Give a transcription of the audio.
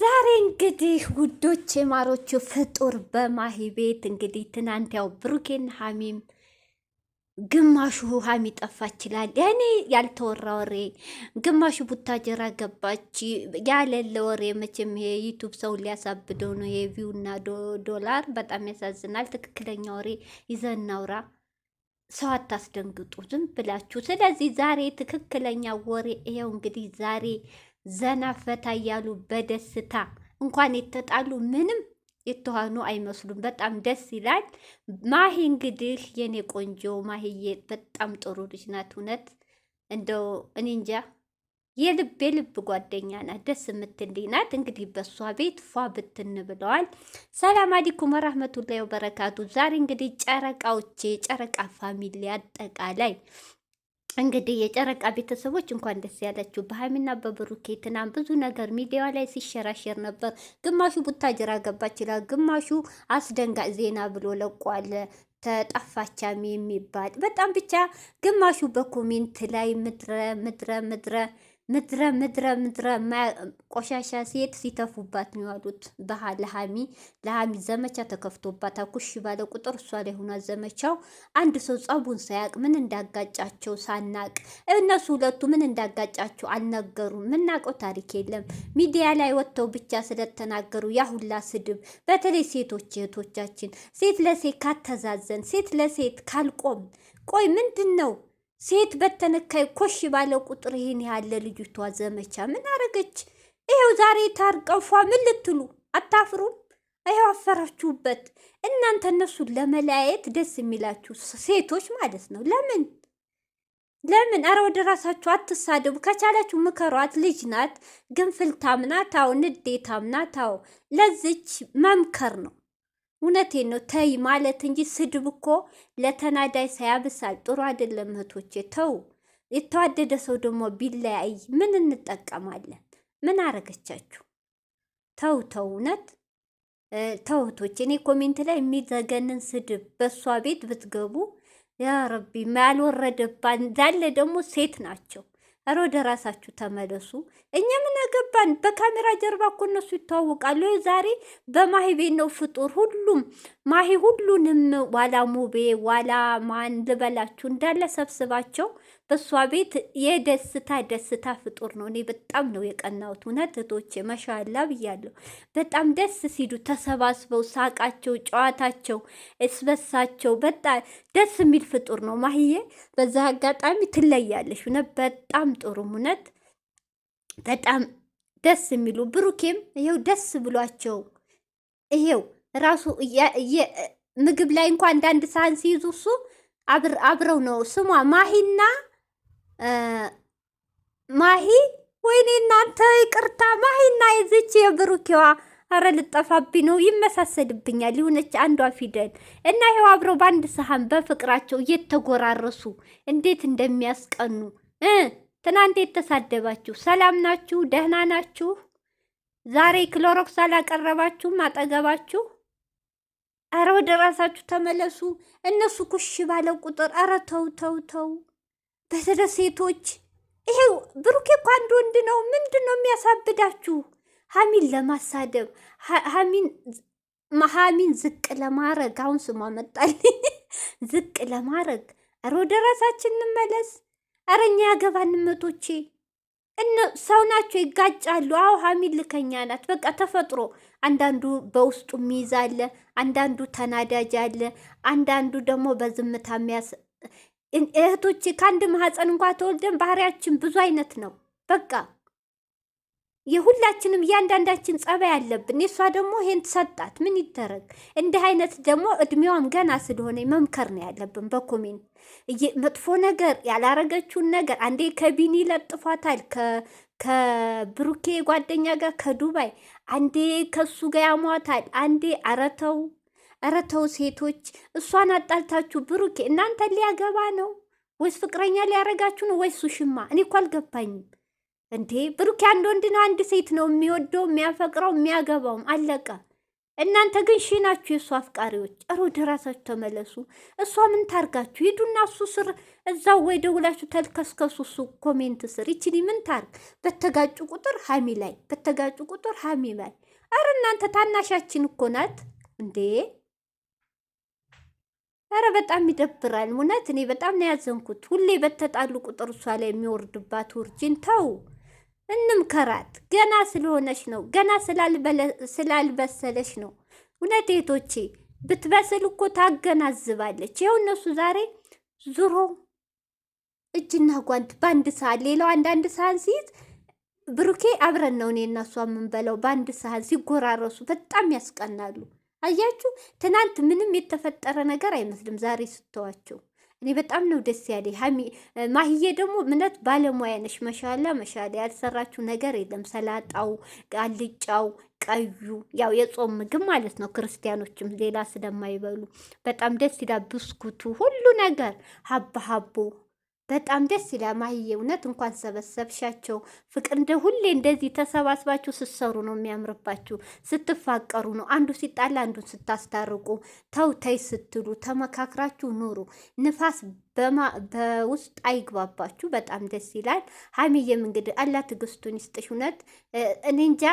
ዛሬ እንግዲህ ውዶች የማሮቹ ፍጡር በማሂ ቤት እንግዲህ ትናንት ያው ብሩኬን ሀሚም ግማሹ ሀሚ ጠፋ ይችላል ያኔ ያልተወራ ወሬ ግማሹ ቡታጀራ ገባች ያለለ ወሬ። መቼም ዩቱብ ሰው ሊያሳብደው ነው እና ዶላር። በጣም ያሳዝናል። ትክክለኛ ወሬ ይዘናውራ ሰው አታስደንግጡ ዝም ብላችሁ። ስለዚህ ዛሬ ትክክለኛ ወሬ ይኸው እንግዲህ ዛሬ ዘና ፈታ እያሉ በደስታ እንኳን የተጣሉ ምንም የተዋኑ አይመስሉም። በጣም ደስ ይላል። ማሂ እንግዲህ የኔ ቆንጆ ማሂዬ በጣም ጥሩ ልጅ ናት። እውነት እንደው እኔ እንጃ የልብ የልብ ጓደኛ ናት። ደስ የምትልኝ ናት። እንግዲህ በእሷ ቤት ፏ ብትን ብለዋል። ሰላም አሊኩም ወራህመቱላሂ ወበረካቱ። ዛሬ እንግዲህ ጨረቃዎቼ ጨረቃ ፋሚሊ አጠቃላይ እንግዲህ የጨረቃ ቤተሰቦች እንኳን ደስ ያላችሁ። በሀይሚና በብሩኬ ትናንት ብዙ ነገር ሚዲያ ላይ ሲሸራሸር ነበር። ግማሹ ቡታጅራ ገባች ይችላል፣ ግማሹ አስደንጋጭ ዜና ብሎ ለቋል። ተጠፋቻሚ የሚባል በጣም ብቻ ግማሹ በኮሜንት ላይ ምድረ ምድረ ምድረ ምድረ ምድረ ምድረ ቆሻሻ ሴት ሲተፉባት ነው ያሉት። ለሀሚ ለሀሚ ዘመቻ ተከፍቶባት አኩሽ ባለ ቁጥር እሷ ላይ ሆና ዘመቻው። አንድ ሰው ጸቡን ሳያቅ ምን እንዳጋጫቸው ሳናቅ እነሱ ሁለቱ ምን እንዳጋጫቸው አልነገሩም። ምናውቀው ታሪክ የለም። ሚዲያ ላይ ወጥተው ብቻ ስለተናገሩ ያ ሁላ ስድብ። በተለይ ሴቶች እህቶቻችን ሴት ለሴት ካተዛዘን፣ ሴት ለሴት ካልቆም ቆይ ምንድን ነው ሴት በተነካይ ኮሽ ባለ ቁጥር ይህን ያለ ልጅቷ ዘመቻ ምን አረገች? ይኸው ዛሬ ታርቀፏ ምን ልትሉ አታፍሩም? ይኸው አፈራችሁበት እናንተ። እነሱን ለመለያየት ደስ የሚላችሁ ሴቶች ማለት ነው። ለምን ለምን? አረ ወደ ራሳችሁ አትሳደቡ። ከቻላችሁ ምከሯት። ልጅ ናት፣ ግንፍልታም ናት፣ አዎ ንዴታም ናት። አዎ ለዚች መምከር ነው። እውነቴን ነው። ተይ ማለት እንጂ ስድብ እኮ ለተናዳይ ሳያብሳል። ጥሩ አይደለም እህቶቼ ተው። የተዋደደ ሰው ደግሞ ቢለያይ ምን እንጠቀማለን? ምን አረገቻችሁ? ተው ተው፣ እውነት ተው እህቶቼ። እኔ ኮሜንት ላይ የሚዘገንን ስድብ በእሷ ቤት ብትገቡ ያ ረቢ ያልወረደባ እንዳለ ደግሞ ሴት ናቸው ኧረ ወደ ራሳችሁ ተመለሱ። እኛ ምን አገባን? በካሜራ ጀርባ እኮ እነሱ ይተዋወቃሉ። ዛሬ በማህቤ ነው ፍጡር ሁሉም ማሂ ሁሉንም ዋላ ሙቤ ዋላ ማን ልበላችሁ እንዳለ ሰብስባቸው በእሷ ቤት የደስታ ደስታ ፍጡር ነው። እኔ በጣም ነው የቀናሁት። እውነት እህቶቼ መሻላ ብያለሁ። በጣም ደስ ሲሉ ተሰባስበው ሳቃቸው፣ ጨዋታቸው፣ እስበሳቸው በጣም ደስ የሚል ፍጡር ነው። ማሂዬ በዛ አጋጣሚ ትለያለሽ። እውነት በጣም ጥሩም እውነት በጣም ደስ የሚሉ ብሩኬም ይኸው ደስ ብሏቸው ይሄው ራሱ ምግብ ላይ እንኳ አንዳንድ ሳህን ሲይዙ እሱ አብረው ነው ስሟ ማሂና ማሂ ወይኔ እናንተ ይቅርታ፣ ማሂና የዚች የብሩኬዋ አረ ልጠፋብኝ ነው ይመሳሰልብኛል። ሊሆነች አንዷ ፊደል እና ይኸው አብረው በአንድ ሰሃን በፍቅራቸው እየተጎራረሱ እንዴት እንደሚያስቀኑ ትናንት የተሳደባችሁ ሰላም ናችሁ? ደህና ናችሁ? ዛሬ ክሎሮክስ አላቀረባችሁም አጠገባችሁ አረ ወደ ራሳችሁ ተመለሱ። እነሱ ኩሽ ባለ ቁጥር አረ ተው ተው ተው። በተለ ሴቶች ይሄው ብሩኬ እኮ አንድ ወንድ ነው። ምንድን ነው የሚያሳብዳችሁ? ሀሚን ለማሳደብ ሀሚን ዝቅ ለማድረግ አሁን ስሟ መጣል ዝቅ ለማድረግ አረ ወደ ራሳችን እንመለስ። አረ እኛ ያገባን መቶቼ ሰው ናቸው፣ ይጋጫሉ። አዎ ሀሚ ልከኛ ናት። በቃ ተፈጥሮ አንዳንዱ በውስጡ የሚይዝ አለ፣ አንዳንዱ ተናዳጅ አለ፣ አንዳንዱ ደግሞ በዝምታ የሚያስ እህቶች ከአንድ ማህፀን እንኳ ተወልደን ባህሪያችን ብዙ አይነት ነው። በቃ የሁላችንም እያንዳንዳችን ጸባይ ያለብን። የእሷ ደግሞ ይሄን ሰጣት። ምን ይደረግ? እንዲህ አይነት ደግሞ እድሜዋም ገና ስለሆነ መምከር ነው ያለብን። በኮሜንት መጥፎ ነገር ያላረገችውን ነገር አንዴ ከቢኒ ለጥፏታል፣ ከብሩኬ ጓደኛ ጋር ከዱባይ አንዴ ከሱ ጋር ያሟታል፣ አንዴ አረተው አረተው። ሴቶች እሷን አጣልታችሁ ብሩኬ እናንተ ሊያገባ ነው ወይስ ፍቅረኛ ሊያረጋችሁ ነው ወይስ ሱሽማ? እኔ እኮ አልገባኝም። እንዴ ብሩኬ አንድ ወንድ ነው አንድ ሴት ነው የሚወደው የሚያፈቅረው የሚያገባውም አለቀ። እናንተ ግን ሺ ናችሁ የእሱ አፍቃሪዎች። ሮ ራሳችሁ ተመለሱ። እሷ ምን ታርጋችሁ? ሂዱና እሱ ስር እዛው ወይ ደውላችሁ ተልከስከሱ እሱ ኮሜንት ስር ይችኒ ምን ታርግ? በተጋጩ ቁጥር ሀሚ ላይ በተጋጩ ቁጥር ሀሚ ላይ። አረ እናንተ ታናሻችን እኮ ናት እንዴ! አረ በጣም ይደብራል እውነት። እኔ በጣም ነው ያዘንኩት። ሁሌ በተጣሉ ቁጥር እሷ ላይ የሚወርድባት ውርጅን ተው። እንምከራት። ገና ስለሆነች ነው፣ ገና ስላልበሰለች ነው። እውነት ቶቼ ብትበስል እኮ ታገናዝባለች። ይኸው እነሱ ዛሬ ዙሮ እጅና ጓንት በአንድ ሰሃን፣ ሌላው አንዳንድ ሰሃን ሲይዝ ብሩኬ አብረን ነው እኔ እና እሷ የምንበላው። በአንድ ሰሃን ሲጎራረሱ በጣም ያስቀናሉ። አያችሁ፣ ትናንት ምንም የተፈጠረ ነገር አይመስልም። ዛሬ ስተዋቸው በጣም ነው ደስ ያለ ማህዬ ደግሞ ምነት ባለሙያ ነሽ። መሻላ መሻላ ያልሰራችው ነገር የለም። ሰላጣው፣ አልጫው፣ ቀዩ ያው የጾም ምግብ ማለት ነው። ክርስቲያኖችም ሌላ ስለማይበሉ በጣም ደስ ይላል። ብስኩቱ፣ ሁሉ ነገር ሀባ ሀቦ በጣም ደስ ይላል። ማህዬ እውነት እንኳን ሰበሰብሻቸው። ፍቅር እንደ ሁሌ እንደዚህ ተሰባስባችሁ ስትሰሩ ነው የሚያምርባችሁ። ስትፋቀሩ ነው አንዱ ሲጣላ አንዱን ስታስታርቁ፣ ተው ተይ ስትሉ ተመካክራችሁ ኑሩ። ንፋስ በውስጥ አይግባባችሁ። በጣም ደስ ይላል። ሀሚዬም እንግዲህ አላ ትዕግስቱን ይስጥሽ። እውነት እኔ እንጃ